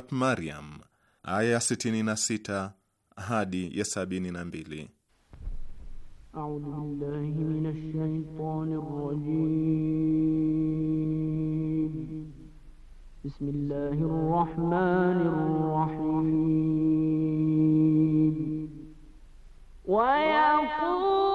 Surat Maryam aya na sita hadi ya sabini na mbili Wa yaqul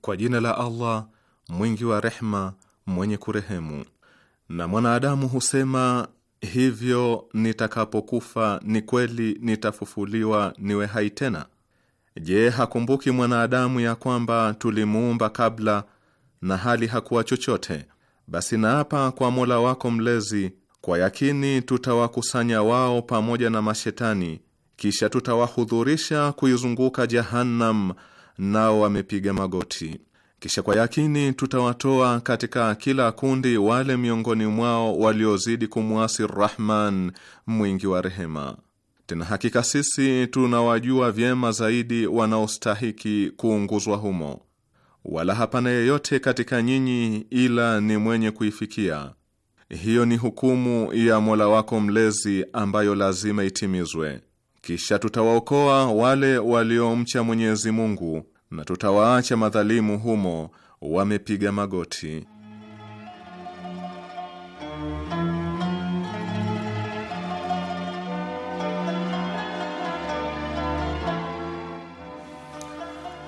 Kwa jina la Allah mwingi wa rehma mwenye kurehemu. Na mwanadamu husema hivyo, nitakapokufa ni kweli nitafufuliwa niwe hai tena. Je, hakumbuki mwanadamu ya kwamba tulimuumba kabla na hali hakuwa chochote? Basi naapa kwa Mola wako mlezi kwa yakini tutawakusanya wao pamoja na mashetani, kisha tutawahudhurisha kuizunguka Jahannam, nao wamepiga magoti. Kisha kwa yakini tutawatoa katika kila kundi wale miongoni mwao waliozidi kumwasi Rahman mwingi wa rehema. Tena hakika sisi tunawajua vyema zaidi wanaostahiki kuunguzwa humo, wala hapana yeyote katika nyinyi ila ni mwenye kuifikia hiyo ni hukumu ya Mola wako mlezi ambayo lazima itimizwe. Kisha tutawaokoa wale waliomcha Mwenyezi Mungu na tutawaacha madhalimu humo wamepiga magoti.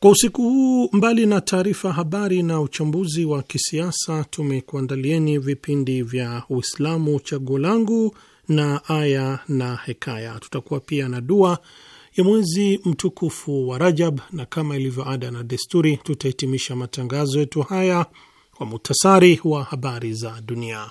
Kwa usiku huu, mbali na taarifa habari na uchambuzi wa kisiasa, tumekuandalieni vipindi vya Uislamu, chaguo langu na aya na hekaya. Tutakuwa pia na dua ya mwezi mtukufu wa Rajab, na kama ilivyo ada na desturi, tutahitimisha matangazo yetu haya kwa muhtasari wa habari za dunia.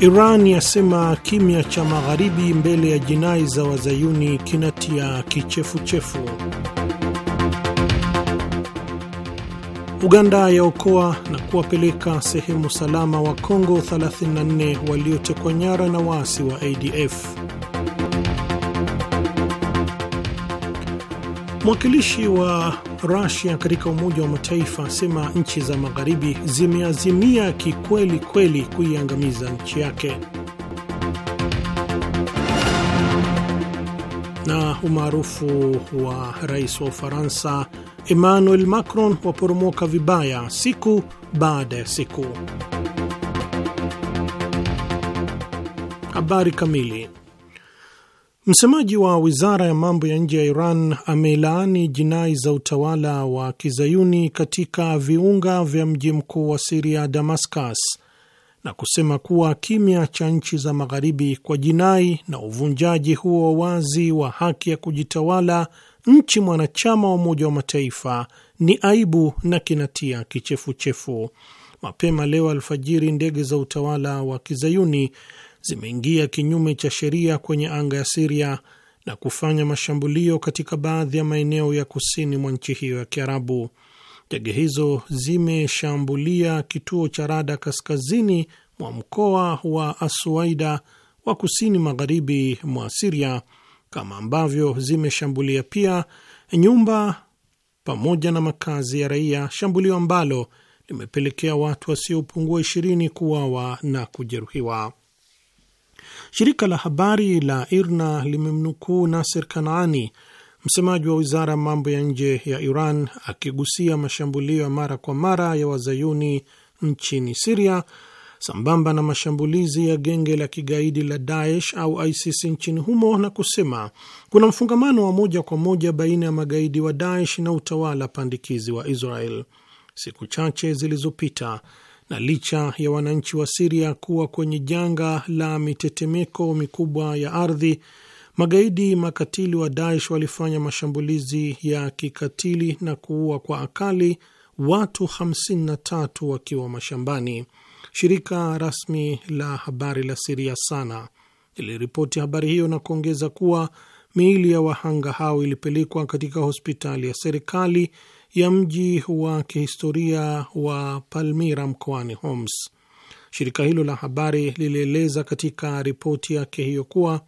Iran yasema kimya cha magharibi mbele ya jinai za wazayuni kinatia kichefuchefu. Uganda yaokoa na kuwapeleka sehemu salama wa Kongo 34 waliotekwa nyara na waasi wa ADF. Mwakilishi wa Rasia katika Umoja wa Mataifa asema nchi za magharibi zimeazimia kikweli kweli kuiangamiza nchi yake. Na umaarufu wa rais wa Ufaransa Emmanuel Macron waporomoka vibaya siku baada ya siku. Habari kamili Msemaji wa wizara ya mambo ya nje ya Iran amelaani jinai za utawala wa kizayuni katika viunga vya mji mkuu wa Siria, Damascus, na kusema kuwa kimya cha nchi za magharibi kwa jinai na uvunjaji huo wa wazi wa haki ya kujitawala nchi mwanachama wa Umoja wa Mataifa ni aibu na kinatia kichefuchefu. Mapema leo alfajiri, ndege za utawala wa kizayuni zimeingia kinyume cha sheria kwenye anga ya Siria na kufanya mashambulio katika baadhi ya maeneo ya kusini mwa nchi hiyo ya Kiarabu. Ndege hizo zimeshambulia kituo cha rada kaskazini mwa mkoa wa asuaida wa kusini magharibi mwa Siria, kama ambavyo zimeshambulia pia nyumba pamoja na makazi ya raia, shambulio ambalo limepelekea watu wasiopungua ishirini kuuawa na kujeruhiwa. Shirika la habari la IRNA limemnukuu nasir Kanaani, msemaji wa wizara ya mambo ya nje ya Iran, akigusia mashambulio ya mara kwa mara ya wazayuni nchini Siria sambamba na mashambulizi ya genge la kigaidi la Daesh au ISIS nchini humo na kusema kuna mfungamano wa moja kwa moja baina ya magaidi wa Daesh na utawala pandikizi wa Israel. Siku chache zilizopita na licha ya wananchi wa Siria kuwa kwenye janga la mitetemeko mikubwa ya ardhi, magaidi makatili wa Daesh walifanya mashambulizi ya kikatili na kuua kwa akali watu 53 wakiwa mashambani. Shirika rasmi la habari la Siria Sana iliripoti habari hiyo na kuongeza kuwa miili ya wahanga hao ilipelekwa katika hospitali ya serikali ya mji wa kihistoria wa Palmira mkoani Homs. Shirika hilo la habari lilieleza katika ripoti yake hiyo kuwa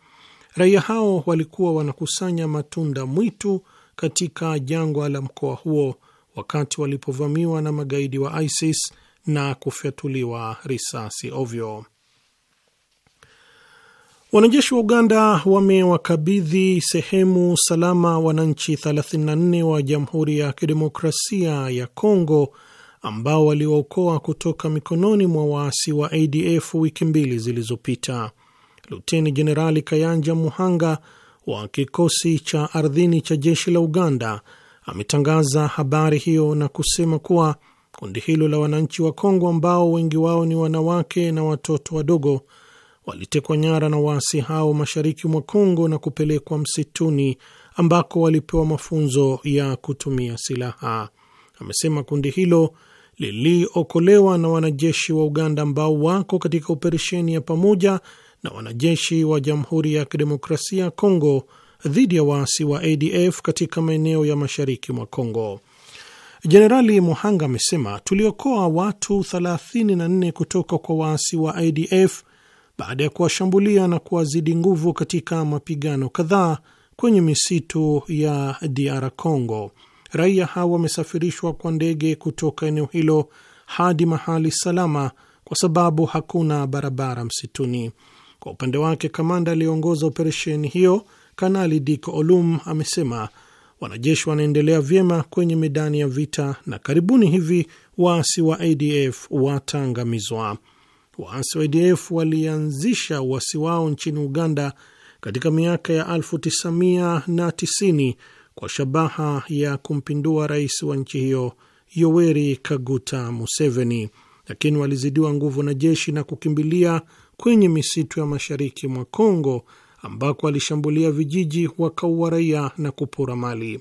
raia hao walikuwa wanakusanya matunda mwitu katika jangwa la mkoa huo wakati walipovamiwa na magaidi wa ISIS na kufyatuliwa risasi ovyo. Wanajeshi wa Uganda wamewakabidhi sehemu salama wananchi 34 wa Jamhuri ya Kidemokrasia ya Kongo ambao waliwaokoa kutoka mikononi mwa waasi wa ADF wiki mbili zilizopita. Luteni Jenerali Kayanja Muhanga wa kikosi cha ardhini cha jeshi la Uganda ametangaza habari hiyo na kusema kuwa kundi hilo la wananchi wa Kongo ambao wengi wao ni wanawake na watoto wadogo walitekwa nyara na waasi hao mashariki mwa Kongo na kupelekwa msituni ambako walipewa mafunzo ya kutumia silaha. Amesema kundi hilo liliokolewa na wanajeshi wa Uganda ambao wako katika operesheni ya pamoja na wanajeshi wa Jamhuri ya Kidemokrasia ya Kongo dhidi ya waasi wa ADF katika maeneo ya mashariki mwa Kongo. Jenerali Muhanga amesema tuliokoa watu 34 kutoka kwa waasi wa ADF baada ya kuwashambulia na kuwazidi nguvu katika mapigano kadhaa kwenye misitu ya DR Congo. Raia hao wamesafirishwa kwa ndege kutoka eneo hilo hadi mahali salama, kwa sababu hakuna barabara msituni. Kwa upande wake, kamanda aliyeongoza operesheni hiyo Kanali Dick Olum amesema wanajeshi wanaendelea vyema kwenye medani ya vita na karibuni hivi waasi wa ADF wataangamizwa waasi wa ADF walianzisha uasi wao nchini Uganda katika miaka ya 1990 kwa shabaha ya kumpindua rais wa nchi hiyo Yoweri Kaguta Museveni, lakini walizidiwa nguvu na jeshi na kukimbilia kwenye misitu ya mashariki mwa Kongo ambako walishambulia vijiji, wakaua raia na kupora mali.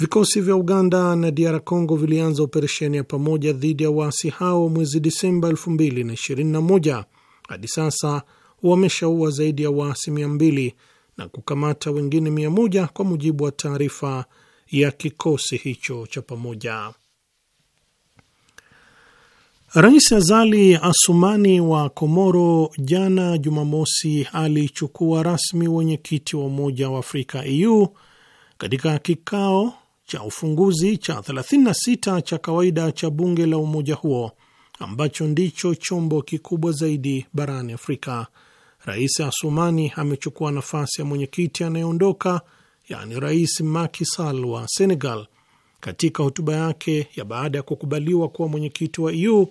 Vikosi vya Uganda na DR Congo vilianza operesheni ya pamoja dhidi ya waasi hao mwezi Disemba 2021. Hadi sasa wameshaua zaidi ya waasi 200 na kukamata wengine 100 kwa mujibu wa taarifa ya kikosi hicho cha pamoja. Rais Azali Asumani wa Komoro jana Jumamosi alichukua rasmi wenyekiti wa Umoja wa Afrika EU katika kikao cha ufunguzi cha 36 cha kawaida cha bunge la umoja huo ambacho ndicho chombo kikubwa zaidi barani Afrika. Rais Asumani amechukua nafasi ya mwenyekiti anayeondoka yaani Rais Macky Sall wa Senegal. Katika hotuba yake ya baada ya kukubaliwa kuwa mwenyekiti wa EU,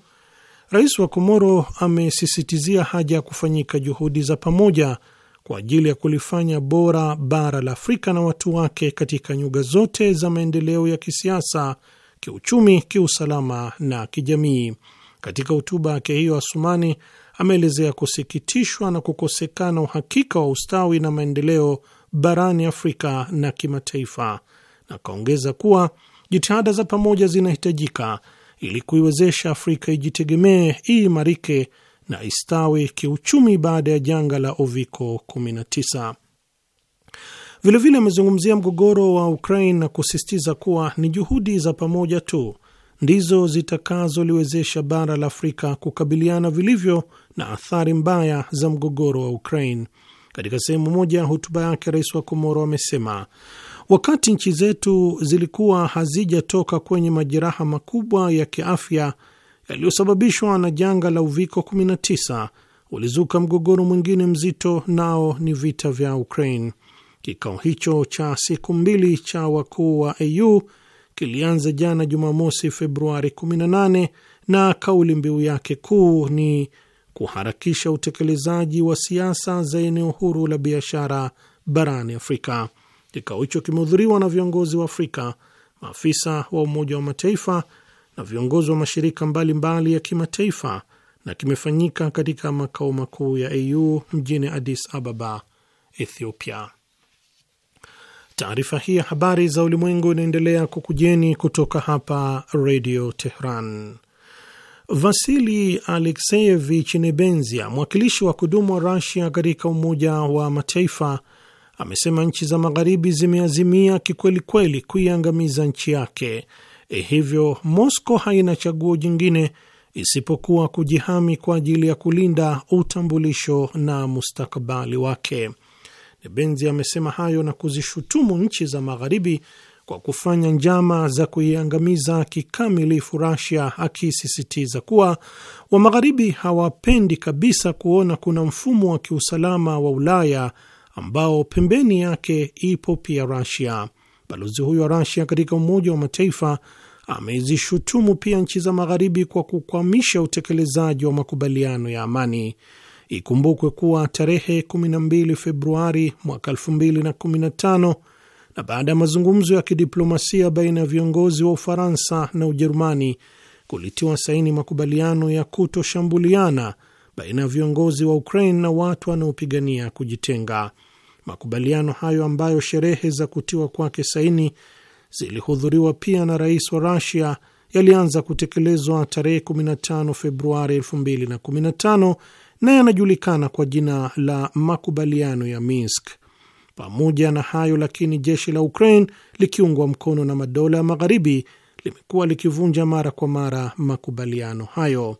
rais wa Komoro amesisitizia haja ya kufanyika juhudi za pamoja kwa ajili ya kulifanya bora bara la Afrika na watu wake katika nyuga zote za maendeleo ya kisiasa, kiuchumi, kiusalama na kijamii. Katika hotuba yake hiyo, Asumani ameelezea kusikitishwa na kukosekana uhakika wa ustawi na maendeleo barani Afrika na kimataifa, na akaongeza kuwa jitihada za pamoja zinahitajika ili kuiwezesha Afrika ijitegemee, iimarike na istawi kiuchumi baada ya janga la Uviko 19. Vilevile amezungumzia mgogoro wa Ukraine na kusisitiza kuwa ni juhudi za pamoja tu ndizo zitakazoliwezesha bara la Afrika kukabiliana vilivyo na athari mbaya za mgogoro wa Ukraine. Katika sehemu moja ya hotuba yake, rais wa Komoro amesema wakati nchi zetu zilikuwa hazijatoka kwenye majeraha makubwa ya kiafya yaliyosababishwa na janga la uviko 19 ulizuka mgogoro mwingine mzito, nao ni vita vya Ukraine. Kikao hicho cha siku mbili cha wakuu wa AU kilianza jana Jumamosi, Februari 18 na kauli mbiu yake kuu ni kuharakisha utekelezaji wa siasa za eneo huru la biashara barani Afrika. Kikao hicho kimehudhuriwa na viongozi wa Afrika, maafisa wa Umoja wa Mataifa na viongozi wa mashirika mbalimbali mbali ya kimataifa na kimefanyika katika makao makuu ya AU mjini Addis Ababa, Ethiopia. Taarifa hii ya habari za ulimwengu inaendelea kukujeni kutoka hapa Radio Tehran. Vasili Alekseyevich Nebenzia, mwakilishi wa kudumu wa Rasia katika Umoja wa Mataifa, amesema nchi za Magharibi zimeazimia kikwelikweli kuiangamiza nchi yake E, hivyo mosco haina chaguo jingine isipokuwa kujihami kwa ajili ya kulinda utambulisho na mustakabali wake. Nebenzi eh, amesema hayo na kuzishutumu nchi za Magharibi kwa kufanya njama za kuiangamiza kikamilifu rasia akisisitiza kuwa wa Magharibi hawapendi kabisa kuona kuna mfumo wa kiusalama wa Ulaya ambao pembeni yake ipo pia rasia Balozi huyo wa Rasia katika Umoja wa Mataifa amezishutumu pia nchi za Magharibi kwa kukwamisha utekelezaji wa makubaliano ya amani. Ikumbukwe kuwa tarehe 12 Februari mwaka 2015 na baada ya mazungumzo ya kidiplomasia baina ya viongozi wa Ufaransa na Ujerumani kulitiwa saini makubaliano ya kutoshambuliana baina ya viongozi wa Ukraine na watu wanaopigania kujitenga. Makubaliano hayo ambayo sherehe za kutiwa kwake saini zilihudhuriwa pia na rais wa Rusia yalianza kutekelezwa tarehe 15 Februari 2015 na yanajulikana kwa jina la makubaliano ya Minsk. Pamoja na hayo lakini, jeshi la Ukraine likiungwa mkono na madola ya magharibi limekuwa likivunja mara kwa mara makubaliano hayo.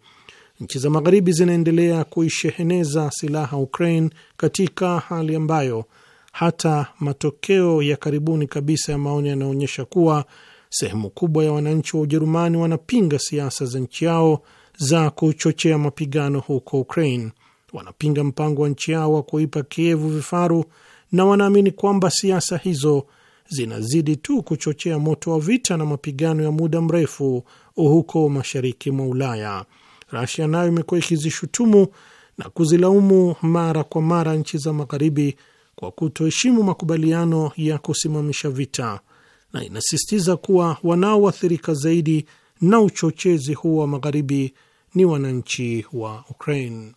Nchi za Magharibi zinaendelea kuisheheneza silaha Ukraine katika hali ambayo hata matokeo ya karibuni kabisa ya maoni yanaonyesha kuwa sehemu kubwa ya wananchi wa Ujerumani wanapinga siasa za nchi yao za kuchochea mapigano huko Ukraine. Wanapinga mpango wa nchi yao wa kuipa Kievu vifaru na wanaamini kwamba siasa hizo zinazidi tu kuchochea moto wa vita na mapigano ya muda mrefu huko mashariki mwa Ulaya. Rasia nayo imekuwa ikizishutumu na kuzilaumu mara kwa mara nchi za Magharibi kwa kutoheshimu makubaliano ya kusimamisha vita na inasisitiza kuwa wanaoathirika zaidi na uchochezi huo wa Magharibi ni wananchi wa Ukraine.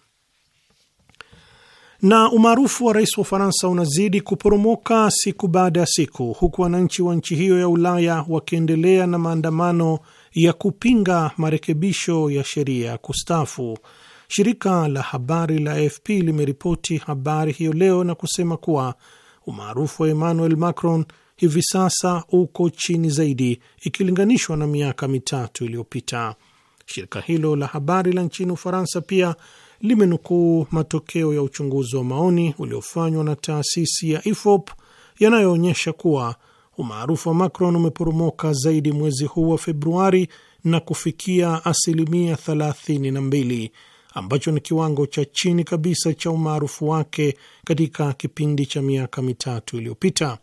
Na umaarufu wa rais wa Ufaransa unazidi kuporomoka siku baada ya siku, huku wananchi wa nchi hiyo ya Ulaya wakiendelea na maandamano ya kupinga marekebisho ya sheria ya kustafu. Shirika la habari la AFP limeripoti habari hiyo leo na kusema kuwa umaarufu wa Emmanuel Macron hivi sasa uko chini zaidi ikilinganishwa na miaka mitatu iliyopita. Shirika hilo la habari la nchini Ufaransa pia limenukuu matokeo ya uchunguzi wa maoni uliofanywa na taasisi ya IFOP e yanayoonyesha kuwa Umaarufu wa Macron umeporomoka zaidi mwezi huu wa Februari na kufikia asilimia 32 ambacho ni kiwango cha chini kabisa cha umaarufu wake katika kipindi cha miaka mitatu iliyopita,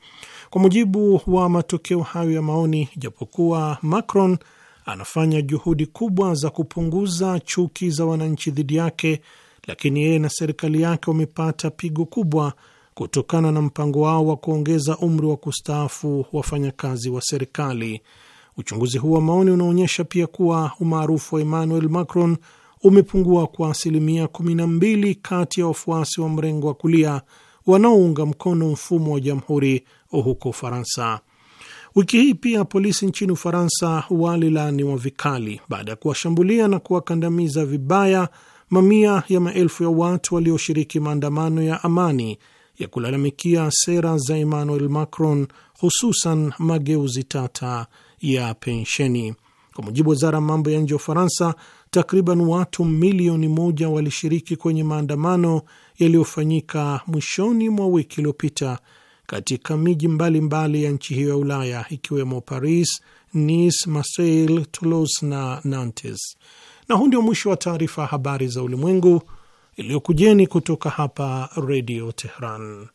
kwa mujibu wa matokeo hayo ya maoni. Japokuwa Macron anafanya juhudi kubwa za kupunguza chuki za wananchi dhidi yake, lakini yeye na serikali yake wamepata pigo kubwa kutokana na mpango wao wa kuongeza umri wa kustaafu wafanyakazi wa serikali. Uchunguzi huu wa maoni unaonyesha pia kuwa umaarufu wa Emmanuel Macron umepungua kwa asilimia 12 kati ya wafuasi wa mrengo wa kulia wanaounga mkono mfumo wa jamhuri huko Ufaransa. Wiki hii pia polisi nchini Ufaransa walilaaniwa vikali baada ya kuwashambulia na kuwakandamiza vibaya mamia ya maelfu ya watu walioshiriki maandamano ya amani ya kulalamikia sera za Emmanuel Macron, hususan mageuzi tata ya pensheni. Kwa mujibu wa wizara mambo ya nje ya Ufaransa, takriban watu milioni moja walishiriki kwenye maandamano yaliyofanyika mwishoni mwa wiki iliyopita katika miji mbalimbali ya nchi hiyo ya Ulaya ikiwemo Paris, Nice, Marseille, Toulouse na Nantes. Na huu ndio mwisho wa taarifa ya habari za ulimwengu iliyokujeni kutoka hapa Redio Tehran.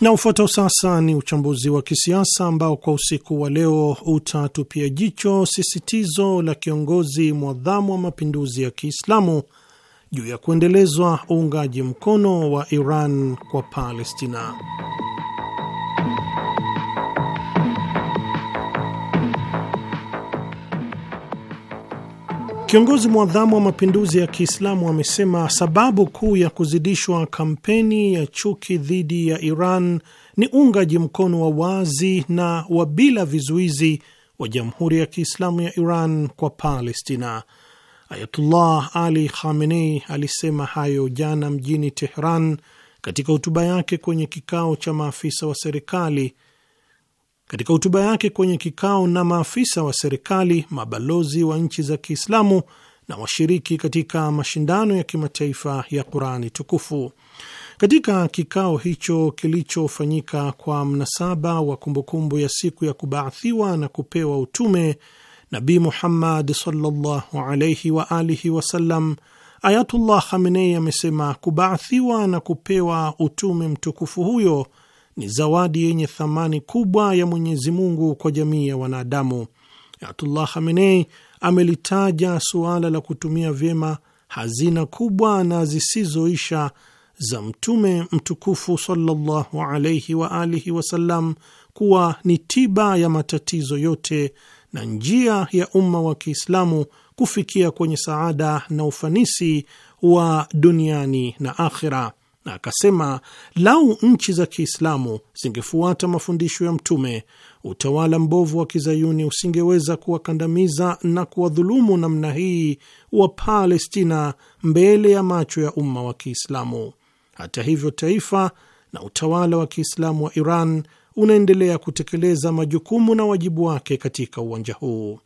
Na ufuatao sasa ni uchambuzi wa kisiasa ambao kwa usiku wa leo utatupia jicho sisitizo la kiongozi mwadhamu wa mapinduzi ya Kiislamu juu ya kuendelezwa uungaji mkono wa Iran kwa Palestina. Kiongozi mwadhamu wa mapinduzi ya Kiislamu amesema sababu kuu ya kuzidishwa kampeni ya chuki dhidi ya Iran ni uungaji mkono wa wazi na wa bila vizuizi wa Jamhuri ya Kiislamu ya Iran kwa Palestina. Ayatullah Ali Khamenei alisema hayo jana mjini Tehran katika hotuba yake kwenye kikao cha maafisa wa serikali katika hotuba yake kwenye kikao na maafisa wa serikali, mabalozi wa nchi za Kiislamu na washiriki katika mashindano ya kimataifa ya Qurani tukufu. Katika kikao hicho kilichofanyika kwa mnasaba wa kumbukumbu ya siku ya kubaathiwa na kupewa utume Nabi Muhammad sallallahu alaihi wa alihi wasallam, Ayatullah Khamenei amesema kubaathiwa na kupewa utume mtukufu huyo ni zawadi yenye thamani kubwa ya Mwenyezi Mungu kwa jamii ya wanadamu. Ayatullah Khamenei amelitaja suala la kutumia vyema hazina kubwa na zisizoisha za mtume mtukufu sallallahu alaihi wa alihi wasallam kuwa ni tiba ya matatizo yote na njia ya umma wa Kiislamu kufikia kwenye saada na ufanisi wa duniani na akhira. Na akasema lau nchi za Kiislamu zingefuata mafundisho ya Mtume, utawala mbovu wa kizayuni usingeweza kuwakandamiza na kuwadhulumu namna hii wa Palestina mbele ya macho ya umma wa Kiislamu. Hata hivyo, taifa na utawala wa Kiislamu wa Iran unaendelea kutekeleza majukumu na wajibu wake katika uwanja huu.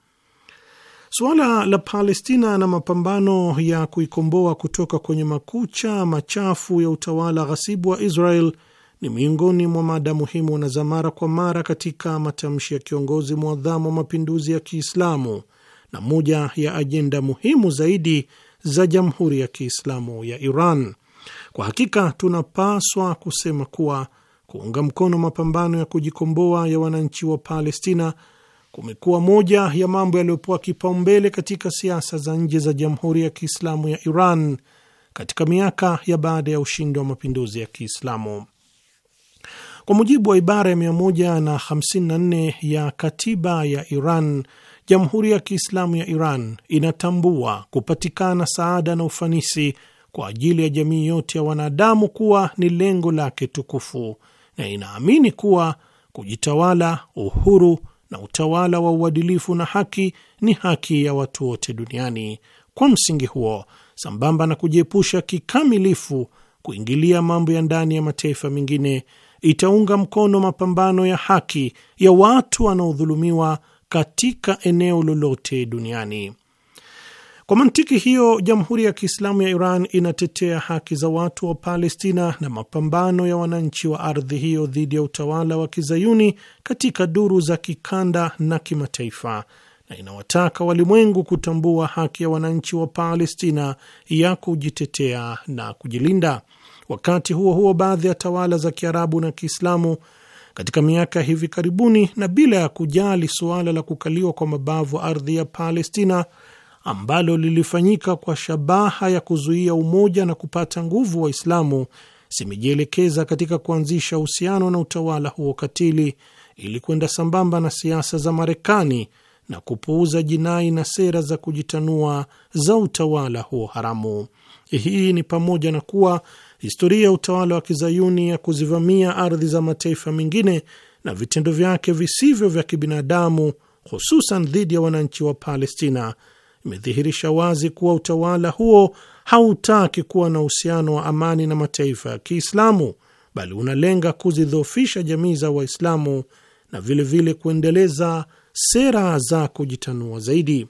Suala la Palestina na mapambano ya kuikomboa kutoka kwenye makucha machafu ya utawala ghasibu wa Israel ni miongoni mwa mada muhimu na za mara kwa mara katika matamshi ya kiongozi mwadhamu wa mapinduzi ya Kiislamu na moja ya ajenda muhimu zaidi za Jamhuri ya Kiislamu ya Iran. Kwa hakika tunapaswa kusema kuwa kuunga mkono mapambano ya kujikomboa ya wananchi wa Palestina kumekuwa moja ya mambo yaliyopewa kipaumbele katika siasa za nje za Jamhuri ya Kiislamu ya Iran katika miaka ya baada ya ushindi wa mapinduzi ya Kiislamu. Kwa mujibu wa ibara ya 154 ya katiba ya Iran, Jamhuri ya Kiislamu ya Iran inatambua kupatikana saada na ufanisi kwa ajili ya jamii yote ya wanadamu kuwa ni lengo lake tukufu na inaamini kuwa kujitawala, uhuru na utawala wa uadilifu na haki ni haki ya watu wote duniani. Kwa msingi huo, sambamba na kujiepusha kikamilifu kuingilia mambo ya ndani ya mataifa mengine, itaunga mkono mapambano ya haki ya watu wanaodhulumiwa katika eneo lolote duniani. Kwa mantiki hiyo, Jamhuri ya Kiislamu ya Iran inatetea haki za watu wa Palestina na mapambano ya wananchi wa ardhi hiyo dhidi ya utawala wa Kizayuni katika duru za kikanda na kimataifa, na inawataka walimwengu kutambua haki ya wananchi wa Palestina ya kujitetea na kujilinda. Wakati huo huo, baadhi ya tawala za Kiarabu na Kiislamu katika miaka hivi karibuni, na bila ya kujali suala la kukaliwa kwa mabavu ardhi ya Palestina ambalo lilifanyika kwa shabaha ya kuzuia umoja na kupata nguvu Waislamu zimejielekeza katika kuanzisha uhusiano na utawala huo katili ili kwenda sambamba na siasa za Marekani na kupuuza jinai na sera za kujitanua za utawala huo haramu. Hii ni pamoja na kuwa historia ya utawala wa kizayuni ya kuzivamia ardhi za mataifa mengine na vitendo vyake visivyo vya kibinadamu, hususan dhidi ya wananchi wa Palestina imedhihirisha wazi kuwa utawala huo hautaki kuwa na uhusiano wa amani na mataifa ya Kiislamu, bali unalenga kuzidhoofisha jamii za Waislamu na vilevile vile kuendeleza sera za kujitanua zaidi.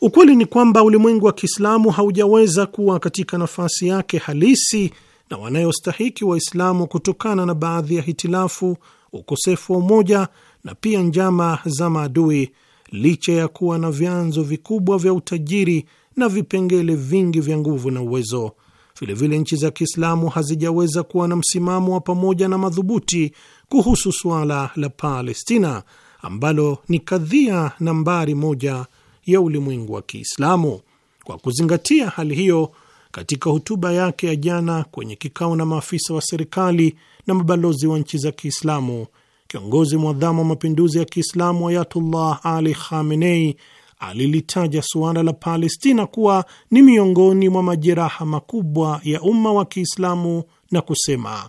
Ukweli ni kwamba ulimwengu wa Kiislamu haujaweza kuwa katika nafasi yake halisi na wanayostahiki Waislamu kutokana na baadhi ya hitilafu, ukosefu wa umoja na pia njama za maadui licha ya kuwa na vyanzo vikubwa vya utajiri na vipengele vingi vya nguvu na uwezo. Vilevile, nchi za Kiislamu hazijaweza kuwa na msimamo wa pamoja na madhubuti kuhusu suala la Palestina ambalo ni kadhia nambari moja ya ulimwengu wa Kiislamu. Kwa kuzingatia hali hiyo, katika hotuba yake ya jana kwenye kikao na maafisa wa serikali na mabalozi wa nchi za Kiislamu kiongozi mwadhamu wa mapinduzi ya Kiislamu Ayatullah Ali Khamenei alilitaja suala la Palestina kuwa ni miongoni mwa majeraha makubwa ya umma wa Kiislamu na kusema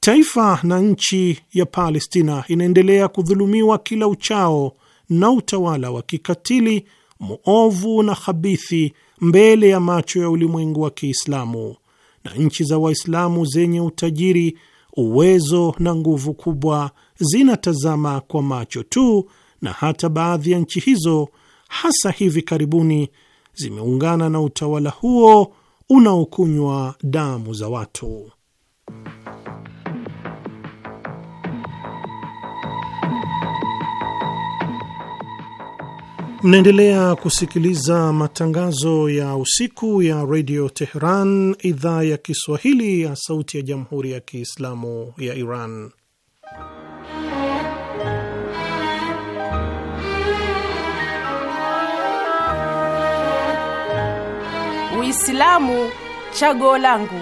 taifa na nchi ya Palestina inaendelea kudhulumiwa kila uchao na utawala wa kikatili muovu na khabithi mbele ya macho ya ulimwengu wa Kiislamu na nchi za Waislamu zenye utajiri, uwezo na nguvu kubwa zinatazama kwa macho tu, na hata baadhi ya nchi hizo hasa hivi karibuni zimeungana na utawala huo unaokunywa damu za watu. Mnaendelea kusikiliza matangazo ya usiku ya redio Teheran, idhaa ya Kiswahili ya sauti ya jamhuri ya kiislamu ya Iran. Uislamu chaguo langu.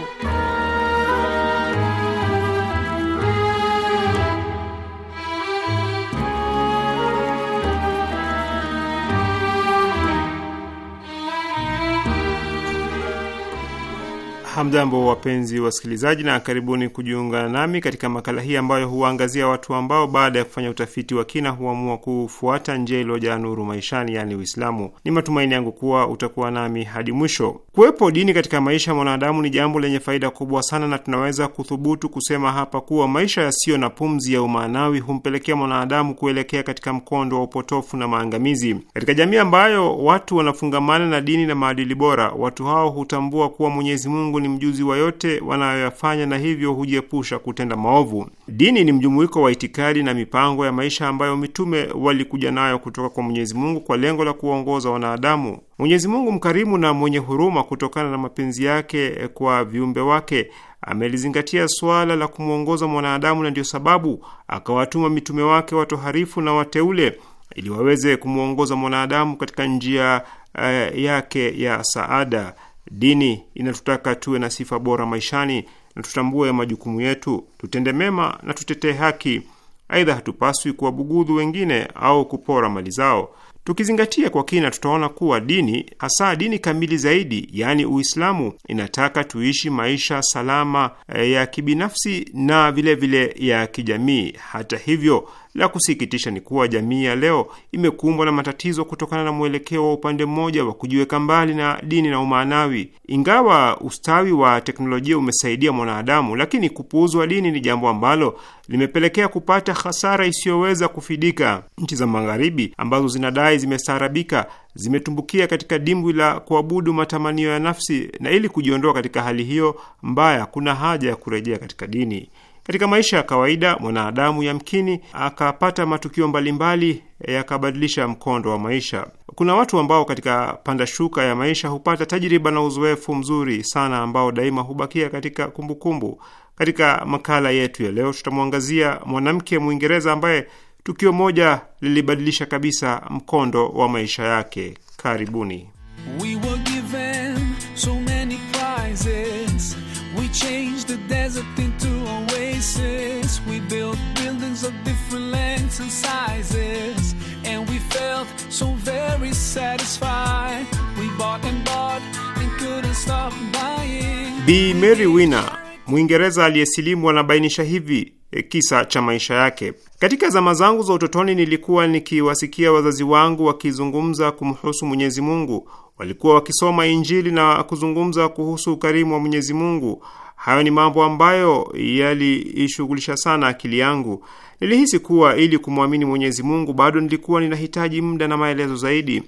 Hamjambo, wapenzi wasikilizaji, na karibuni kujiunga nami katika makala hii ambayo huwaangazia watu ambao baada ya kufanya utafiti wa kina huamua kufuata njia iliyojaa nuru maishani, yaani Uislamu. Ni matumaini yangu kuwa utakuwa nami hadi mwisho. Kuwepo dini katika maisha ya mwanadamu ni jambo lenye faida kubwa sana, na tunaweza kuthubutu kusema hapa kuwa maisha yasiyo na pumzi ya umaanawi humpelekea mwanadamu kuelekea katika mkondo wa upotofu na maangamizi. Katika jamii ambayo watu wanafungamana na dini na maadili bora, watu hao hutambua kuwa Mwenyezi Mungu ni ni mjuzi wa yote wanayoyafanya na hivyo hujiepusha kutenda maovu. Dini ni mjumuiko wa itikadi na mipango ya maisha ambayo mitume walikuja nayo kutoka kwa Mwenyezi Mungu kwa lengo la kuwaongoza wanadamu. Mwenyezi Mungu mkarimu na mwenye huruma, kutokana na mapenzi yake kwa viumbe wake amelizingatia suala la kumwongoza mwanadamu, na ndiyo sababu akawatuma mitume wake watoharifu na wateule ili waweze kumwongoza mwanadamu katika njia uh, yake ya saada. Dini inatutaka tuwe na sifa bora maishani na tutambue majukumu yetu, tutende mema na tutetee haki. Aidha, hatupaswi kuwabugudhu wengine au kupora mali zao. Tukizingatia kwa kina, tutaona kuwa dini, hasa dini kamili zaidi, yaani Uislamu, inataka tuishi maisha salama eh, ya kibinafsi na vilevile vile ya kijamii. Hata hivyo la kusikitisha ni kuwa jamii ya leo imekumbwa na matatizo kutokana na mwelekeo wa upande mmoja wa kujiweka mbali na dini na umaanawi. Ingawa ustawi wa teknolojia umesaidia mwanadamu, lakini kupuuzwa dini ni jambo ambalo limepelekea kupata hasara isiyoweza kufidika. Nchi za Magharibi ambazo zinadai zimestaarabika zimetumbukia katika dimbwi la kuabudu matamanio ya nafsi, na ili kujiondoa katika hali hiyo mbaya, kuna haja ya kurejea katika dini. Katika maisha ya kawaida, mwanadamu yamkini akapata matukio mbalimbali eh, yakabadilisha mkondo wa maisha. Kuna watu ambao katika panda shuka ya maisha hupata tajriba na uzoefu mzuri sana ambao daima hubakia katika kumbukumbu kumbu. Katika makala yetu ya leo tutamwangazia mwanamke Mwingereza ambaye tukio moja lilibadilisha kabisa mkondo wa maisha yake. Karibuni. We and sizes, and we felt so very satisfied. We bought and bought and couldn't stop buying. Bi Mary Winner Mwingereza aliyesilimu, anabainisha hivi eh, kisa cha maisha yake. Katika zama zangu za utotoni, nilikuwa nikiwasikia wazazi wangu wakizungumza kumhusu Mwenyezi Mungu. Walikuwa wakisoma Injili na kuzungumza kuhusu ukarimu wa Mwenyezi Mungu. Hayo ni mambo ambayo yaliishughulisha sana akili yangu. Nilihisi kuwa ili kumwamini Mwenyezi Mungu bado nilikuwa ninahitaji muda na maelezo zaidi.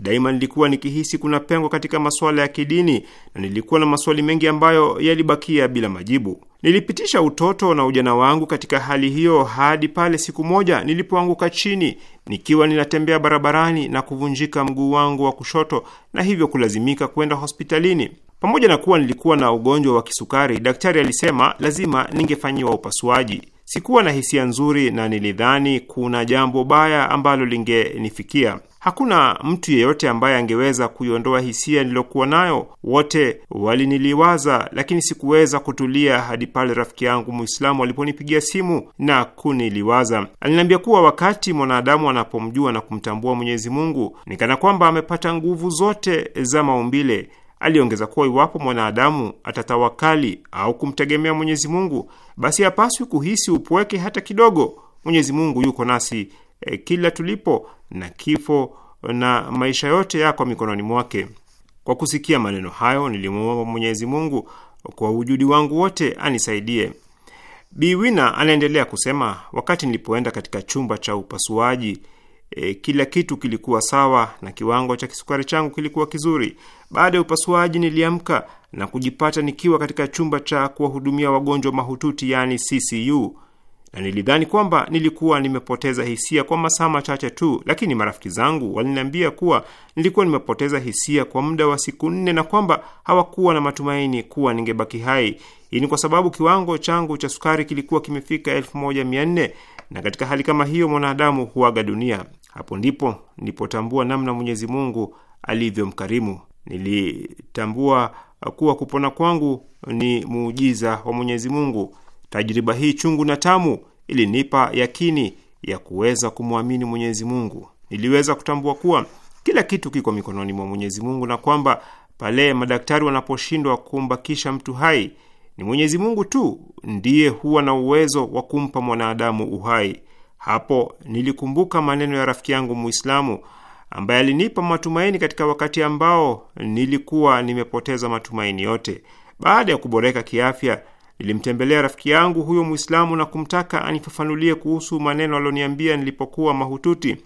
Daima nilikuwa nikihisi kuna pengo katika masuala ya kidini na nilikuwa na maswali mengi ambayo yalibakia bila majibu. Nilipitisha utoto na ujana wangu katika hali hiyo hadi pale siku moja nilipoanguka chini nikiwa ninatembea barabarani na kuvunjika mguu wangu wa kushoto na hivyo kulazimika kwenda hospitalini. Pamoja na kuwa nilikuwa na ugonjwa wa kisukari, daktari alisema lazima ningefanyiwa upasuaji. Sikuwa na hisia nzuri na nilidhani kuna jambo baya ambalo lingenifikia. Hakuna mtu yeyote ambaye angeweza kuiondoa hisia niliyokuwa nayo. Wote waliniliwaza, lakini sikuweza kutulia hadi pale rafiki yangu Muislamu aliponipigia simu na kuniliwaza. Aliniambia kuwa wakati mwanadamu anapomjua na kumtambua Mwenyezi Mungu, ni kana kwamba amepata nguvu zote za maumbile Aliongeza kuwa iwapo mwanadamu atatawakali au kumtegemea Mwenyezi Mungu, basi hapaswi kuhisi upweke hata kidogo. Mwenyezi Mungu yuko nasi e, kila tulipo, na kifo na maisha yote yako mikononi mwake. Kwa kusikia maneno hayo, nilimwomba Mwenyezi Mungu kwa ujudi wangu wote anisaidie. Biwina anaendelea kusema, wakati nilipoenda katika chumba cha upasuaji e, kila kitu kilikuwa sawa na kiwango cha kisukari changu kilikuwa kizuri. Baada ya upasuaji niliamka na kujipata nikiwa katika chumba cha kuwahudumia wagonjwa mahututi yani CCU, na nilidhani kwamba nilikuwa nimepoteza hisia kwa masaa machache tu, lakini marafiki zangu waliniambia kuwa nilikuwa nimepoteza hisia kwa muda wa siku nne na kwamba hawakuwa na matumaini kuwa ningebaki hai. Hii ni kwa sababu kiwango changu cha sukari kilikuwa kimefika elfu moja mia nne na katika hali kama hiyo mwanadamu huaga dunia. Hapo ndipo nilipotambua namna Mwenyezi Mungu alivyomkarimu. Nilitambua kuwa kupona kwangu ni muujiza wa Mwenyezi Mungu. Tajriba hii chungu na tamu ilinipa yakini ya kuweza kumwamini Mwenyezi Mungu. Niliweza kutambua kuwa kila kitu kiko mikononi mwa Mwenyezi Mungu na kwamba pale madaktari wanaposhindwa kumbakisha mtu hai, ni Mwenyezi Mungu tu ndiye huwa na uwezo wa kumpa mwanadamu uhai. Hapo nilikumbuka maneno ya rafiki yangu Muislamu ambaye alinipa matumaini katika wakati ambao nilikuwa nimepoteza matumaini yote. Baada ya kuboreka kiafya, nilimtembelea rafiki yangu huyo Mwislamu na kumtaka anifafanulie kuhusu maneno alioniambia nilipokuwa mahututi.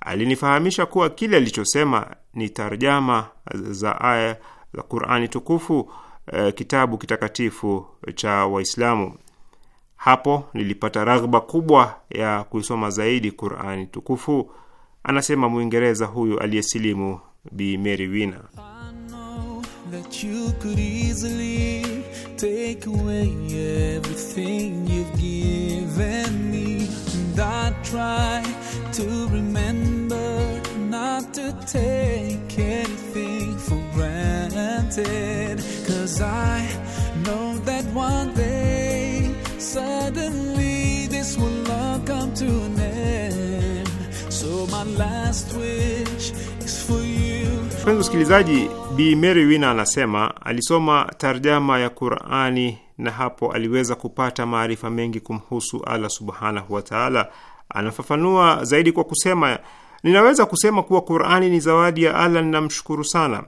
Alinifahamisha kuwa kile alichosema ni tarjama za aya za Qur'ani tukufu, eh, kitabu kitakatifu cha Waislamu. Hapo nilipata raghba kubwa ya kuisoma zaidi Qur'ani tukufu anasema Mwingereza huyu aliyesilimu Bi Mary Wina. Mpenzi msikilizaji, Bi Mary Wina anasema alisoma tarjama ya Qurani na hapo aliweza kupata maarifa mengi kumhusu Allah subhanahu wataala. Anafafanua zaidi kwa kusema, ninaweza kusema kuwa Qurani ni zawadi ya Allah. Ninamshukuru sana.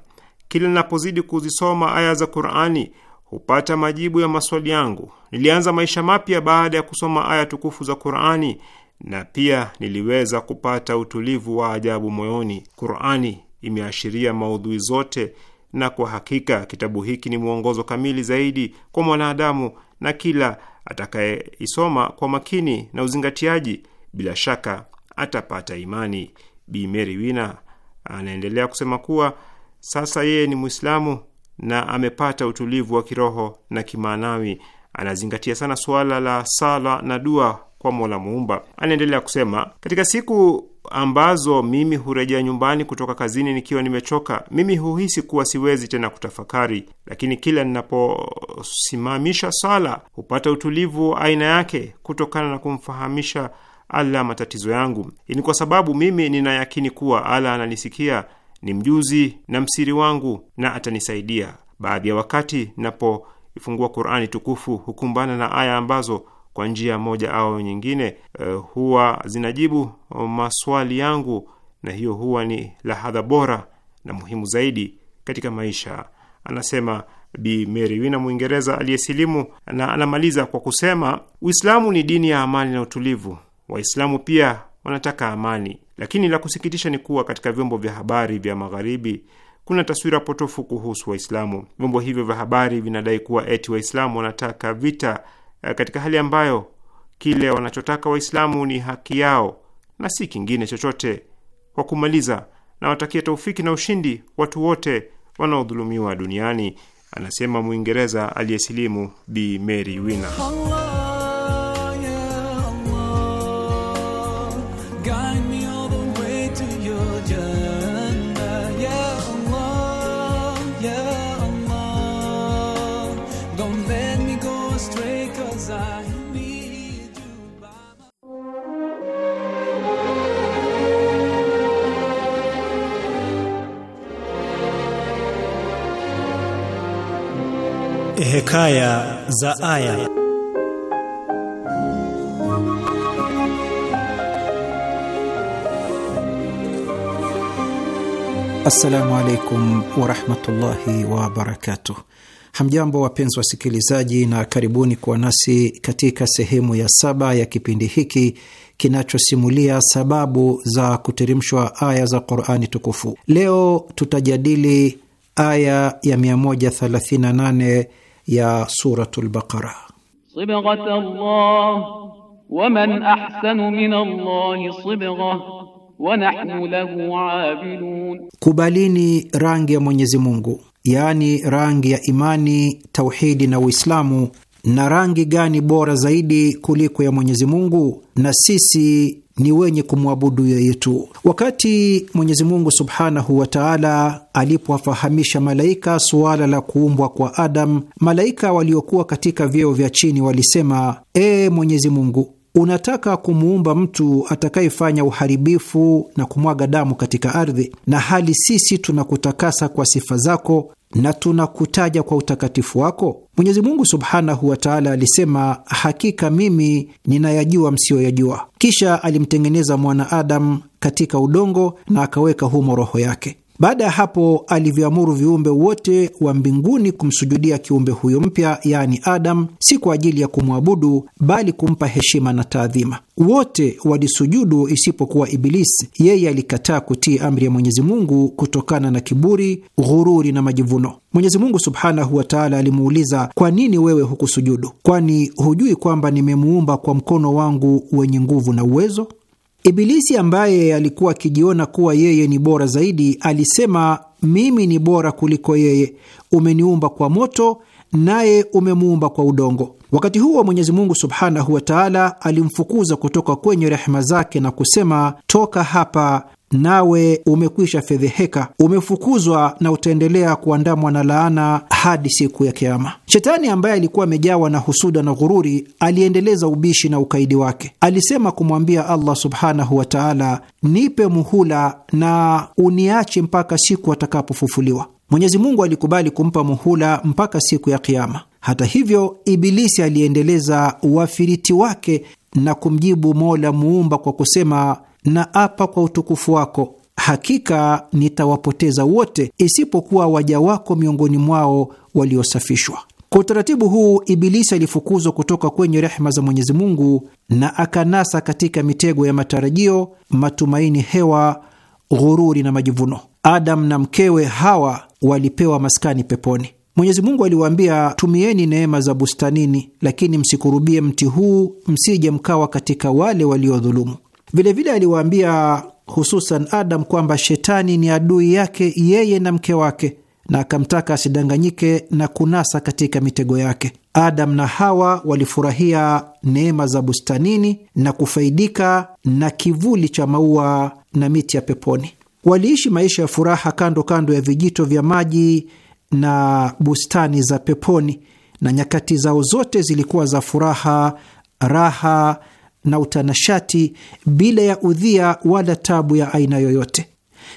Kila ninapozidi kuzisoma aya za Qurani hupata majibu ya maswali yangu. Nilianza maisha mapya baada ya kusoma aya tukufu za Qurani na pia niliweza kupata utulivu wa ajabu moyoni. Qurani imeashiria maudhui zote, na kwa hakika kitabu hiki ni mwongozo kamili zaidi kwa mwanadamu, na kila atakayeisoma kwa makini na uzingatiaji, bila shaka atapata imani. Bi Mary Wina anaendelea kusema kuwa sasa yeye ni Mwislamu na amepata utulivu wa kiroho na kimaanawi anazingatia sana suala la sala na dua kwa Mola Muumba. Anaendelea kusema, katika siku ambazo mimi hurejea nyumbani kutoka kazini nikiwa nimechoka, mimi huhisi kuwa siwezi tena kutafakari, lakini kila ninaposimamisha sala hupata utulivu wa aina yake kutokana na kumfahamisha Allah matatizo yangu. Ni kwa sababu mimi ninayakini kuwa Allah ananisikia, ni mjuzi na msiri wangu na atanisaidia. Baadhi ya wakati napo kuifungua Qurani tukufu hukumbana na aya ambazo kwa njia moja au nyingine uh, huwa zinajibu oh, maswali yangu, na hiyo huwa ni lahadha bora na muhimu zaidi katika maisha, anasema Bi Mary Wina, Mwingereza aliyesilimu, na anamaliza kwa kusema Uislamu ni dini ya amani na utulivu. Waislamu pia wanataka amani, lakini la kusikitisha ni kuwa katika vyombo vya habari vya Magharibi kuna taswira potofu kuhusu Waislamu. Vyombo hivyo vya habari vinadai kuwa eti Waislamu wanataka vita, eh, katika hali ambayo kile wanachotaka Waislamu ni haki yao na si kingine chochote. Kwa kumaliza, na watakia taufiki na ushindi watu wote wanaodhulumiwa duniani, anasema Mwingereza aliyesilimu Bi Mary Winner. Hekaya za Aya. Assalamu alaikum warahmatullahi wabarakatuh. Hamjambo wapenzi wasikilizaji, na karibuni kuwa nasi katika sehemu ya saba ya kipindi hiki kinachosimulia sababu za kuteremshwa aya za Qurani tukufu. Leo tutajadili aya ya 138 ya Suratul Baqara. kubalini rangi ya Mwenyezi Mungu, yaani rangi ya imani, tauhidi na Uislamu. Na rangi gani bora zaidi kuliko ya Mwenyezi Mungu, na sisi ni wenye kumwabudu yeye tu. Wakati Mwenyezi Mungu subhanahu wa taala alipowafahamisha malaika suala la kuumbwa kwa Adamu, malaika waliokuwa katika vyeo vya chini walisema: Ee Mwenyezi Mungu, unataka kumuumba mtu atakayefanya uharibifu na kumwaga damu katika ardhi, na hali sisi tunakutakasa kwa sifa zako na tunakutaja kwa utakatifu wako. Mwenyezi Mungu subhanahu wa taala alisema, hakika mimi ninayajua msiyoyajua. Kisha alimtengeneza mwanaadamu katika udongo na akaweka humo roho yake. Baada ya hapo alivyoamuru viumbe wote wa mbinguni kumsujudia kiumbe huyo mpya, yaani Adam, si kwa ajili ya kumwabudu, bali kumpa heshima na taadhima. Wote walisujudu isipokuwa Ibilisi. Yeye alikataa kutii amri ya Mwenyezi Mungu kutokana na kiburi, ghururi na majivuno. Mwenyezi Mungu subhanahu wa taala alimuuliza, kwa nini wewe hukusujudu? Kwani hujui kwamba nimemuumba kwa mkono wangu wenye nguvu na uwezo? Ibilisi ambaye alikuwa akijiona kuwa yeye ni bora zaidi, alisema mimi ni bora kuliko yeye, umeniumba kwa moto naye umemuumba kwa udongo. Wakati huo Mwenyezi Mungu subhanahu wa taala alimfukuza kutoka kwenye rehema zake na kusema, toka hapa, nawe umekwisha fedheheka, umefukuzwa na utaendelea kuandamwa na laana hadi siku ya Kiama. Shetani ambaye alikuwa amejawa na husuda na ghururi, aliendeleza ubishi na ukaidi wake. Alisema kumwambia Allah subhanahu wa taala, nipe muhula na uniache mpaka siku atakapofufuliwa. Mwenyezi Mungu alikubali kumpa muhula mpaka siku ya Kiama. Hata hivyo, Ibilisi aliendeleza uafiriti wake na kumjibu Mola muumba kwa kusema, na apa kwa utukufu wako, hakika nitawapoteza wote isipokuwa waja wako miongoni mwao waliosafishwa. Kwa utaratibu huu Ibilisi alifukuzwa kutoka kwenye rehema za Mwenyezi Mungu na akanasa katika mitego ya matarajio, matumaini hewa, ghururi na majivuno. Adam na mkewe Hawa walipewa maskani peponi. Mwenyezi Mungu aliwaambia, tumieni neema za bustanini, lakini msikurubie mti huu, msije mkawa katika wale waliodhulumu. Vilevile aliwaambia hususan Adam kwamba shetani ni adui yake yeye na mke wake, na akamtaka asidanganyike na kunasa katika mitego yake. Adam na Hawa walifurahia neema za bustanini na kufaidika na kivuli cha maua na miti ya peponi. Waliishi maisha ya furaha kando kando ya vijito vya maji na bustani za peponi, na nyakati zao zote zilikuwa za furaha, raha na utanashati, bila ya udhia wala tabu ya aina yoyote.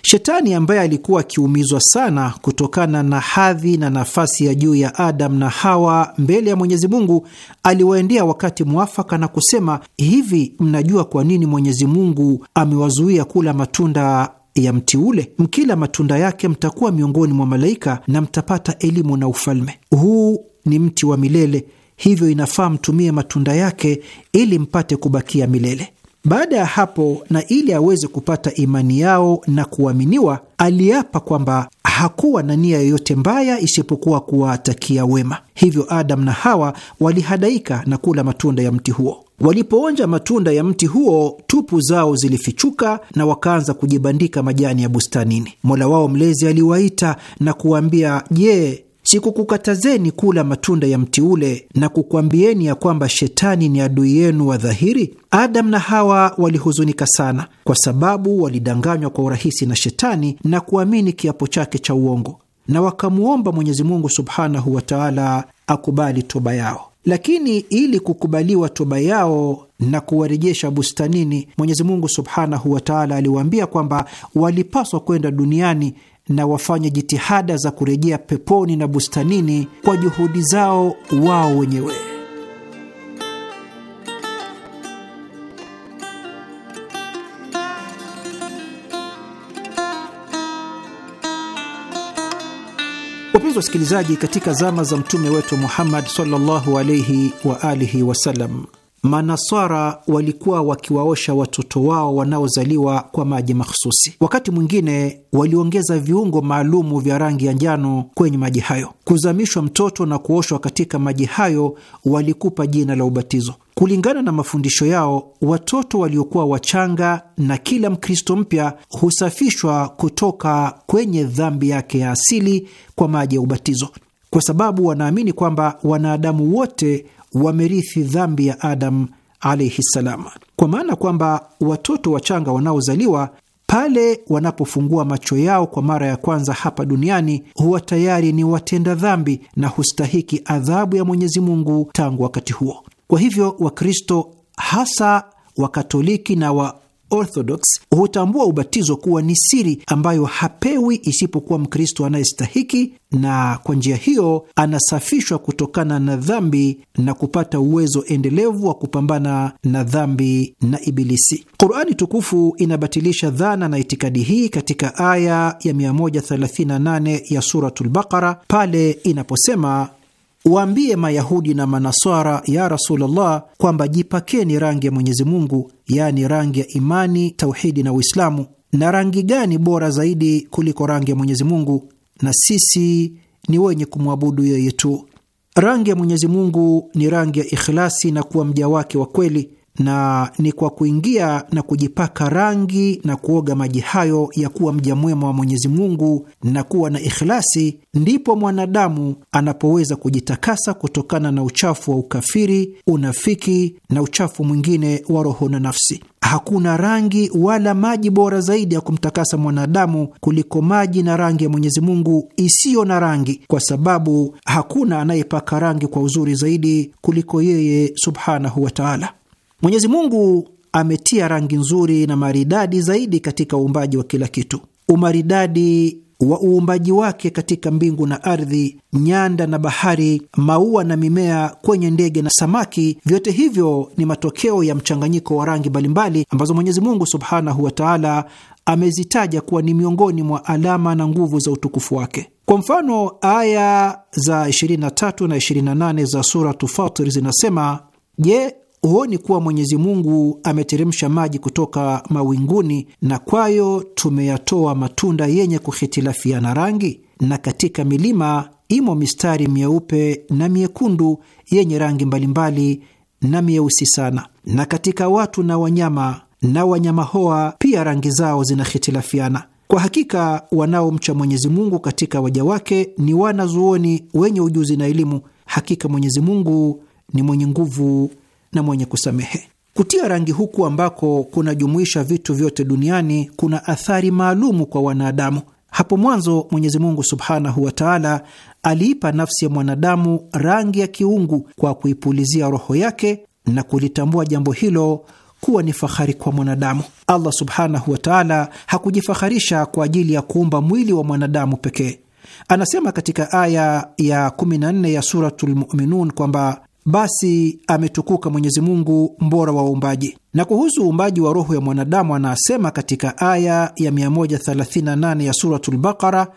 Shetani ambaye alikuwa akiumizwa sana kutokana na hadhi na nafasi ya juu ya Adam na Hawa mbele ya Mwenyezi Mungu aliwaendea wakati mwafaka na kusema hivi, mnajua kwa nini Mwenyezi Mungu amewazuia kula matunda ya mti ule, mkila matunda yake mtakuwa miongoni mwa malaika na mtapata elimu na ufalme. Huu ni mti wa milele, hivyo inafaa mtumie matunda yake ili mpate kubakia milele. Baada ya hapo, na ili aweze kupata imani yao na kuaminiwa, aliapa kwamba hakuwa na nia yoyote mbaya isipokuwa kuwatakia wema. Hivyo Adam na Hawa walihadaika na kula matunda ya mti huo. Walipoonja matunda ya mti huo, tupu zao zilifichuka na wakaanza kujibandika majani ya bustanini. Mola wao mlezi aliwaita na kuwaambia, je, sikukukatazeni kula matunda ya mti ule na kukwambieni ya kwamba shetani ni adui yenu wa dhahiri? Adamu na Hawa walihuzunika sana, kwa sababu walidanganywa kwa urahisi na shetani na kuamini kiapo chake cha uongo, na wakamwomba Mwenyezi Mungu subhanahu wa taala akubali toba yao lakini ili kukubaliwa toba yao na kuwarejesha bustanini, Mwenyezi Mungu subhanahu wa taala aliwaambia kwamba walipaswa kwenda duniani na wafanye jitihada za kurejea peponi na bustanini kwa juhudi zao wao wenyewe. Wapenzi wasikilizaji, katika zama za mtume wetu Muhammad sallallahu alaihi wa alihi wasallam Manaswara walikuwa wakiwaosha watoto wao wanaozaliwa kwa maji makhususi Wakati mwingine waliongeza viungo maalumu vya rangi ya njano kwenye maji hayo. Kuzamishwa mtoto na kuoshwa katika maji hayo walikupa jina la ubatizo. Kulingana na mafundisho yao, watoto waliokuwa wachanga na kila Mkristo mpya husafishwa kutoka kwenye dhambi yake ya asili kwa maji ya ubatizo, kwa sababu wanaamini kwamba wanadamu wote wamerithi dhambi ya Adam alaihi ssalam, kwa maana kwamba watoto wachanga wanaozaliwa pale wanapofungua macho yao kwa mara ya kwanza hapa duniani huwa tayari ni watenda dhambi na hustahiki adhabu ya Mwenyezi Mungu tangu wakati huo. Kwa hivyo Wakristo hasa Wakatoliki na wa Orthodox hutambua ubatizo kuwa ni siri ambayo hapewi isipokuwa Mkristo anayestahiki, na kwa njia hiyo anasafishwa kutokana na dhambi na kupata uwezo endelevu wa kupambana na dhambi na Ibilisi. Qurani tukufu inabatilisha dhana na itikadi hii katika aya ya 138 ya Suratul Baqara pale inaposema Waambie Mayahudi na Manaswara, ya Rasulullah, kwamba jipakeni rangi ya Mwenyezi Mungu, yaani rangi ya imani, tauhidi na Uislamu. Na rangi gani bora zaidi kuliko rangi ya Mwenyezi Mungu? Na sisi ni wenye kumwabudu yeye tu. Rangi ya Mwenyezi Mungu ni rangi ya ikhlasi na kuwa mja wake wa kweli na ni kwa kuingia na kujipaka rangi na kuoga maji hayo ya kuwa mja mwema wa Mwenyezi Mungu na kuwa na ikhlasi, ndipo mwanadamu anapoweza kujitakasa kutokana na uchafu wa ukafiri, unafiki na uchafu mwingine wa roho na nafsi. Hakuna rangi wala maji bora zaidi ya kumtakasa mwanadamu kuliko maji na rangi ya Mwenyezi Mungu isiyo na rangi, kwa sababu hakuna anayepaka rangi kwa uzuri zaidi kuliko yeye subhanahu wa taala. Mwenyezi Mungu ametia rangi nzuri na maridadi zaidi katika uumbaji wa kila kitu. Umaridadi wa uumbaji wake katika mbingu na ardhi, nyanda na bahari, maua na mimea, kwenye ndege na samaki, vyote hivyo ni matokeo ya mchanganyiko wa rangi mbalimbali ambazo Mwenyezi Mungu subhanahu wa taala amezitaja kuwa ni miongoni mwa alama na nguvu za utukufu wake. Kwa mfano, aya za 23 na 28 za Suratu Fatir zinasema: Je, huoni kuwa Mwenyezi Mungu ameteremsha maji kutoka mawinguni na kwayo tumeyatoa matunda yenye kuhitilafiana rangi? Na katika milima imo mistari myeupe na miekundu yenye rangi mbalimbali na mieusi sana. Na katika watu na wanyama na wanyama hoa pia rangi zao zinahitilafiana. Kwa hakika wanaomcha Mwenyezi Mungu katika waja wake ni wanazuoni wenye ujuzi na elimu. Hakika Mwenyezi Mungu ni mwenye nguvu na mwenye kusamehe. Kutia rangi huku ambako kunajumuisha vitu vyote duniani kuna athari maalumu kwa wanadamu. Hapo mwanzo Mwenyezi Mungu subhanahu wa taala aliipa nafsi ya mwanadamu rangi ya kiungu kwa kuipulizia roho yake na kulitambua jambo hilo kuwa ni fahari kwa mwanadamu. Allah subhanahu wa taala hakujifaharisha kwa ajili ya kuumba mwili wa mwanadamu pekee. Anasema katika aya ya 14 ya Suratul Muminun kwamba basi ametukuka Mwenyezi Mungu mbora wa uumbaji. Na kuhusu uumbaji wa roho ya mwanadamu anasema katika aya ya 138 ya Suratul Baqara,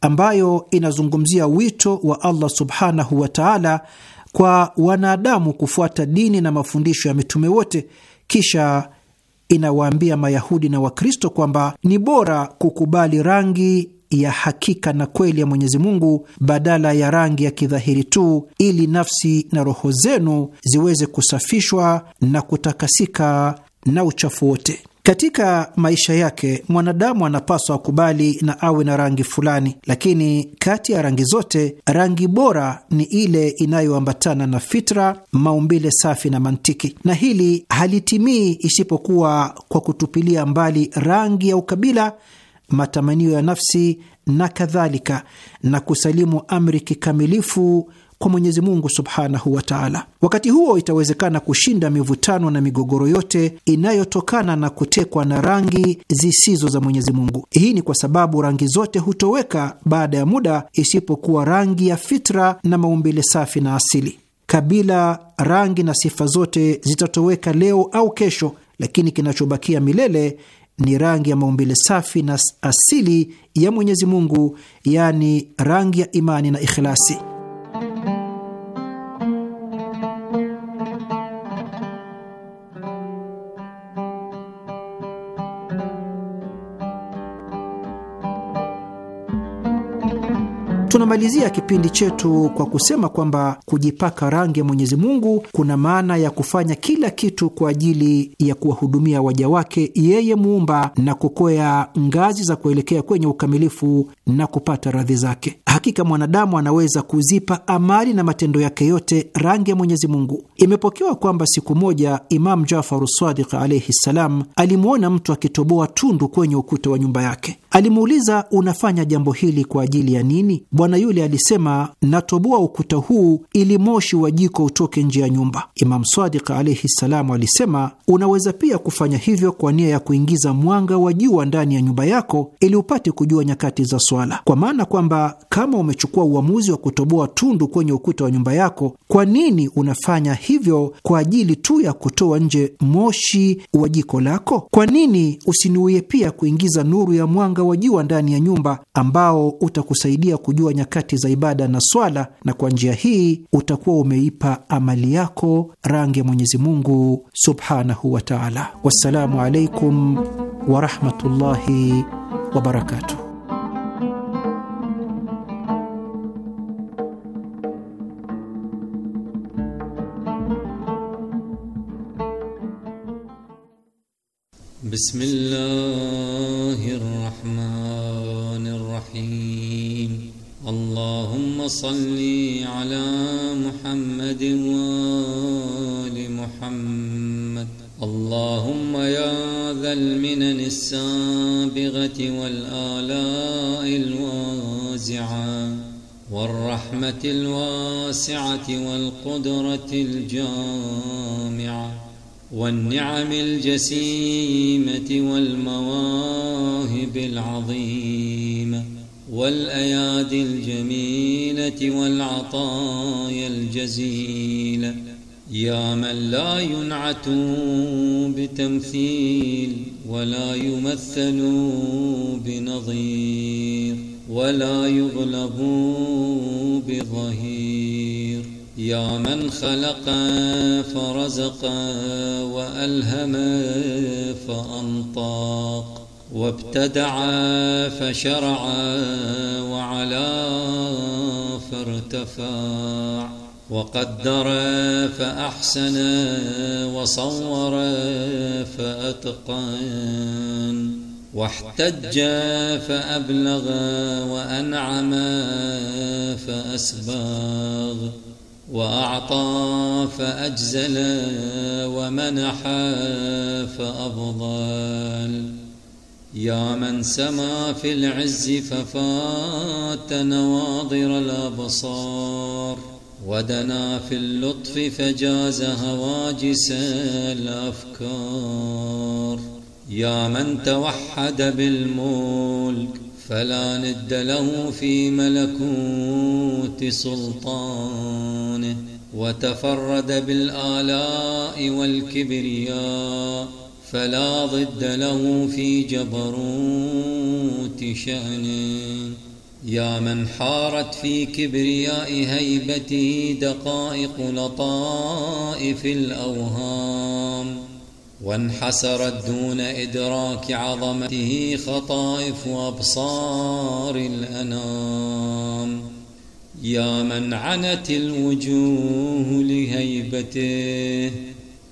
ambayo inazungumzia wito wa Allah subhanahu wa taala kwa wanadamu kufuata dini na mafundisho ya mitume wote, kisha inawaambia Mayahudi na Wakristo kwamba ni bora kukubali rangi ya hakika na kweli ya Mwenyezi Mungu badala ya rangi ya kidhahiri tu, ili nafsi na roho zenu ziweze kusafishwa na kutakasika na uchafu wote. Katika maisha yake mwanadamu anapaswa akubali na awe na rangi fulani, lakini kati ya rangi zote, rangi bora ni ile inayoambatana na fitra, maumbile safi na mantiki, na hili halitimii isipokuwa kwa kutupilia mbali rangi ya ukabila matamanio ya nafsi na kadhalika, na kusalimu amri kikamilifu kwa Mwenyezi Mungu subhanahu wa taala. Wakati huo itawezekana kushinda mivutano na migogoro yote inayotokana na kutekwa na rangi zisizo za Mwenyezi Mungu. Hii ni kwa sababu rangi zote hutoweka baada ya muda, isipokuwa rangi ya fitra na maumbile safi na asili. Kabila, rangi na sifa zote zitatoweka leo au kesho, lakini kinachobakia milele ni rangi ya maumbile safi na asili ya Mwenyezi Mungu, yaani rangi ya imani na ikhlasi. Tunamalizia kipindi chetu kwa kusema kwamba kujipaka rangi ya Mwenyezi Mungu kuna maana ya kufanya kila kitu kwa ajili ya kuwahudumia waja wake yeye muumba na kukwea ngazi za kuelekea kwenye ukamilifu na kupata radhi zake. Hakika mwanadamu anaweza kuzipa amali na matendo yake yote rangi ya Mwenyezi Mungu. Imepokewa kwamba siku moja Imam Jafaru Sadiq alaihi ssalam alimwona mtu akitoboa tundu kwenye ukuta wa nyumba yake. Alimuuliza, unafanya jambo hili kwa ajili ya nini? bwana yule alisema, natoboa ukuta huu ili moshi wa jiko utoke nje ya nyumba. Imamu Sadiq alaihi ssalamu alisema, unaweza pia kufanya hivyo kwa nia ya kuingiza mwanga wa jua ndani ya nyumba yako ili upate kujua nyakati za swala, kwa maana kwamba kama umechukua uamuzi wa kutoboa tundu kwenye ukuta wa nyumba yako, kwa nini unafanya hivyo kwa ajili tu ya kutoa nje moshi wa jiko lako? Kwa nini usinuie pia kuingiza nuru ya mwanga wa jua ndani ya nyumba ambao utakusaidia kujua nyakati za ibada na swala, na kwa njia hii utakuwa umeipa amali yako rangi ya Mwenyezi Mungu subhanahu wa taala. Wassalamu alaikum warahmatullahi wabarakatuh. Bismillahirrahmanirrahim اللهم صل على محمد وآل محمد اللهم يا ذا المنن السابغة والآلاء الوازعة والرحمة الواسعة والقدرة الجامعة والنعم الجسيمة والمواهب العظيمة والأيادي الجميلة والعطايا الجزيلة يا من لا ينعت بتمثيل ولا يمثل بنظير ولا يغلب بظهير يا من خلق فرزق وألهم فأنطاق وابتدعا فشرعا وعلا فارتفاع وقدر فأحسن وصور فأتقن واحتج فأبلغ وأنعم فأسباغ وأعطى فأجزل ومنح فأفضل يا من سما في العز ففات نواضر الأبصار ودنا في اللطف فجاز هواجس الأفكار يا من توحد بالملك فلا ند له في ملكوت سلطانه وتفرد بالآلاء والكبرياء فلا ضد له في جبروت شأنه يا من حارت في كبرياء هيبته دقائق لطائف الأوهام وانحسرت دون إدراك عظمته خطائف أبصار الأنام يا من عنت الوجوه لهيبته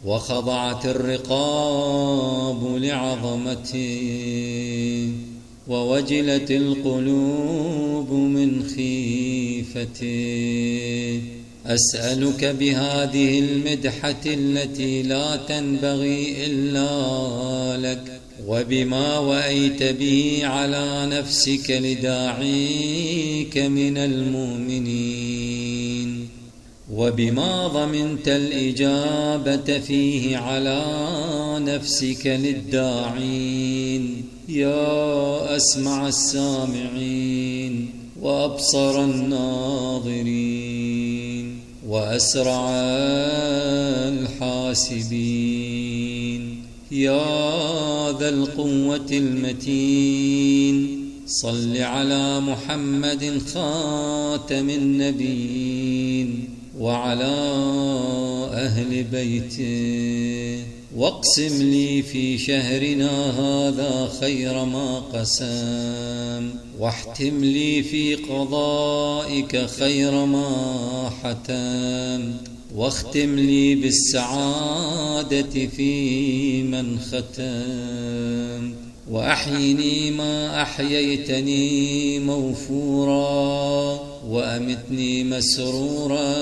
وخضعت الرقاب لعظمته ووجلت القلوب من خيفته أسألك بهذه المدحة التي لا تنبغي إلا لك وبما وأيت به على نفسك لداعيك من المؤمنين وبما ضمنت الإجابة فيه على نفسك للداعين يا أسمع السامعين وأبصر الناظرين وأسرع الحاسبين يا ذا القوة المتين صل على محمد خاتم النبيين وعلى أهل بيته واقسم لي في شهرنا هذا خير ما قسم واحتم لي في قضائك خير ما حتم واختم لي بالسعادة في من ختمت وأحيني ما أحييتني موفورا وأمتني مسرورا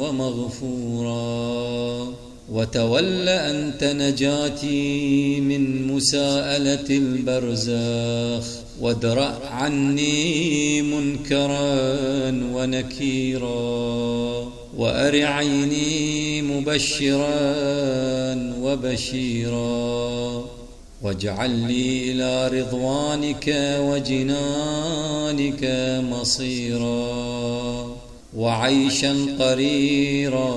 ومغفورا وتول أنت نجاتي من مساءلة البرزاخ وادرأ عني منكرا ونكيرا وأرعيني عيني مبشرا وبشيرا واجعل لي إلى رضوانك وجنانك مصيرا وعيشا قريرا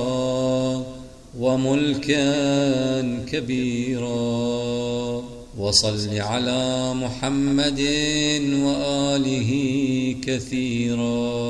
وملكا كبيرا وصل على محمد وآله كثيرا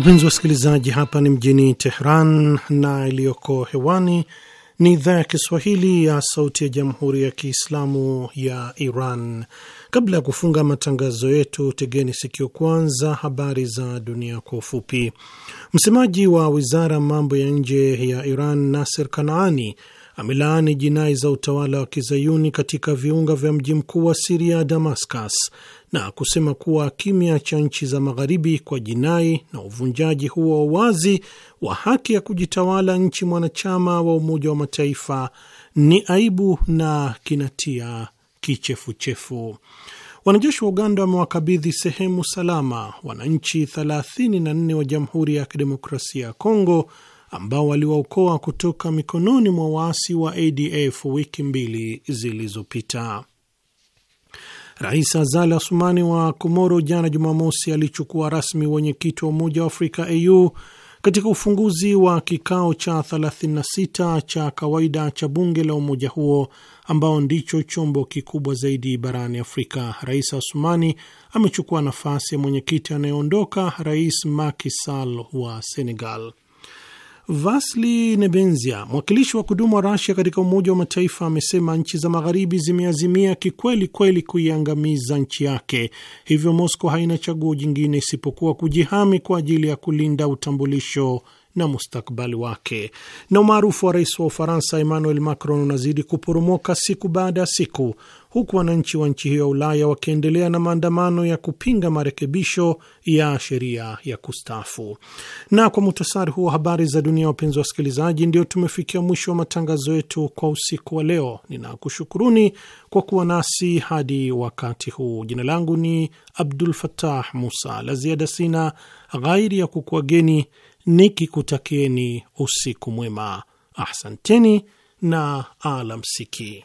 Wapenzi wasikilizaji, hapa ni mjini Tehran na iliyoko hewani ni idhaa ya Kiswahili ya Sauti ya Jamhuri ya Kiislamu ya Iran. Kabla ya kufunga matangazo yetu, tegeni sikio kwanza habari za dunia kwa ufupi. Msemaji wa wizara mambo ya nje ya Iran Nasir Kanaani amelaani jinai za utawala wa kizayuni katika viunga vya mji mkuu wa Siria Damascus na kusema kuwa kimya cha nchi za Magharibi kwa jinai na uvunjaji huo wa wazi wa haki ya kujitawala nchi mwanachama wa Umoja wa Mataifa ni aibu na kinatia kichefuchefu. Wanajeshi wa Uganda wamewakabidhi sehemu salama wananchi 34 wa Jamhuri ya Kidemokrasia ya Kongo ambao waliwaokoa kutoka mikononi mwa waasi wa ADF wiki mbili zilizopita. Rais Azali Asumani wa Komoro jana Jumamosi alichukua rasmi wenyekiti wa Umoja wa Afrika AU katika ufunguzi wa kikao cha 36 cha kawaida cha bunge la umoja huo ambao ndicho chombo kikubwa zaidi barani Afrika. Rais Asumani amechukua nafasi ya mwenyekiti anayeondoka Rais Macky Sall wa Senegal vasli Nebenzia, mwakilishi wa kudumu wa Rasia katika Umoja wa Mataifa, amesema nchi za magharibi zimeazimia kikweli kweli kuiangamiza nchi yake, hivyo mosco haina chaguo jingine isipokuwa kujihami kwa ajili ya kulinda utambulisho na mustakbali wake. Na umaarufu wa rais wa Ufaransa Emmanuel Macron unazidi kuporomoka siku baada ya siku, huku wananchi wa nchi hiyo ya Ulaya wakiendelea na maandamano ya kupinga marekebisho ya sheria ya kustaafu. Na kwa muhtasari huo habari za dunia, wapenzi wa wasikilizaji, ndio tumefikia mwisho wa matangazo yetu kwa usiku wa leo. Ninakushukuruni kwa kuwa nasi hadi wakati huu. Jina langu ni Abdul Fatah Musa. La ziada sina ghairi ya kukuageni nikikutakieni usiku mwema. Ahsanteni na alamsiki.